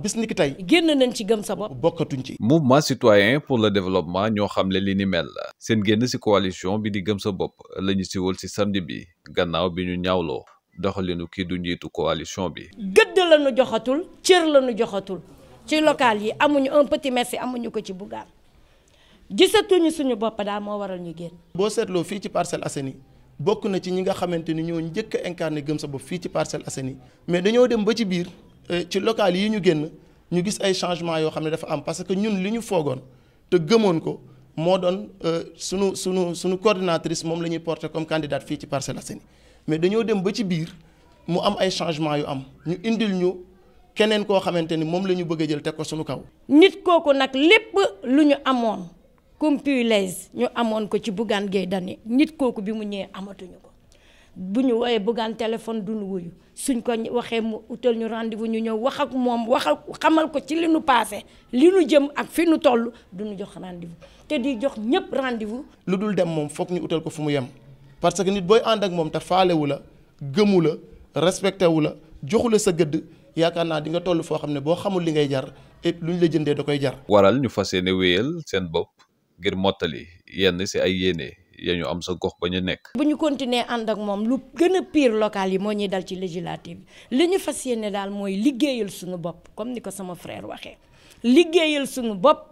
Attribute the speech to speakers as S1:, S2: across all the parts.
S1: bis ni ki tey. génn nañ ci gëm sa bopp
S2: bokkatuñ ci. mouvement citoyen pour le développement ñoo xamle li ni mel seen génn ci coalition bi di gëm sa bopp lañu ñu siwal ci samedi bi gannaaw bi ñu ñaawloo doxalinu kii du njiitu coalition bi.
S1: gëdd la ñu joxatul cër la ñu joxatul ci local yi amuñu un petit merci amuñu ko ci Bougane gisatuñu suñu bopp daal moo waral ñu génn.
S3: boo seetloo fii ci Parcelles Assainies bokk na ci ñi nga xamante ni ñoo njëkk a gëm sa bopp fii ci Parcelles Assainies mais dañoo dem ba ci biir. Euh, ci local yi ñu génn ñu gis ay changement yoo xam ne dafa am parce que ñun li ñu foogoon te gëmoon ko moo doon euh, sunu sunu sunu coordinatrice moom la ñuy porter comme candidate fii ci Parcelles Assainies mais dañoo dem ba ci biir mu am ay changement yu am ñu indil ñu keneen koo xamante ni moom la ñu bëgg a jël teg ko sunu kaw. nit kooku nag lépp lu ñu amoon
S1: comme les ñu amoon ko ci Bougane Gueye Dany nit kooku bi mu ñëwee amatuñu ko. bu ñu wooyee buggaan téléphone du nu wuyu suñ ko waxee mu utal ñu rendez-vous ñu ñëw wax ak moom waxal xamal ko ci li nu passé li nu jëm ak fi nu toll du ñu jox rendez-vous te
S3: di jox ñëpp rendez lu dul dem moom foog ñu utal ko fu mu yem parce que nit booy ànd ak moom te faalewu la gëmu la respecté wu la joxu la sa gëdd. yaakaar naa di nga toll foo xam ne boo xamul li ngay jar et lu ñu la jëndee da koy jar.
S2: waral ñu fa yéene wéyal seen bopp ngir mottali yenn ci ay yéene. yooyu am sa gox ba ñu nekk.
S1: bu ñu continuer ànd ak moom lu gën a pire local yi moo ñuy dal ci législative li ñu fas yéene daal mooy liggéeyal suñu bopp comme ni ko sama frère waxee liggéeyal suñu bopp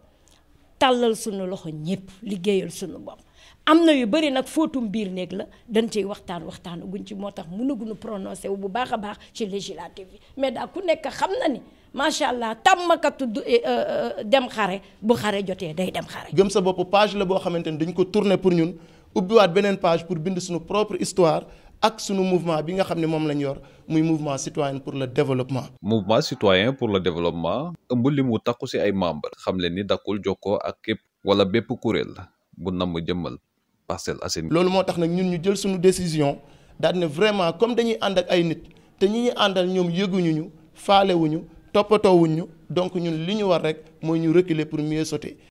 S1: tàllal sunu loxo ñëpp liggéeyal suñu bopp. am na yu bëri nag fóotum biir néeg la dañ ciy waxtaan waxtaan guñ ci moo tax mënaguñu prononcé wu bu baax a baax ci législative bi mais daal ku nekk xam na ni macha allah tàmmkatu eh, eh, eh, dem xare bu xare jotee day dem xare.
S3: gëm sa bopp page la boo xamante ni dañ ko tourné pour ñun. ubbiwaat beneen page pour bind suñu propre histoire ak sunu mouvement bi nga xam ne moom lañ yor muy mouvement citoyen pour le développement.
S2: mouvement citoyen pour le développement ëmb li mu takku ci ay membre xam leen ni dakkul jokkoo ak képp wala bépp kuréel bu nam namm jëmmal Parcelles Assainies. loolu moo tax nag ñun ñu jël suñu décision
S3: daal ne vraiment comme dañuy ànd ak ay nit te ñi ñuy àndal ñoom yëguñu ñu faalewuñu toppatoowuñu donc ñun li ñu war rek mooy ñu reculer pour mieux sauter.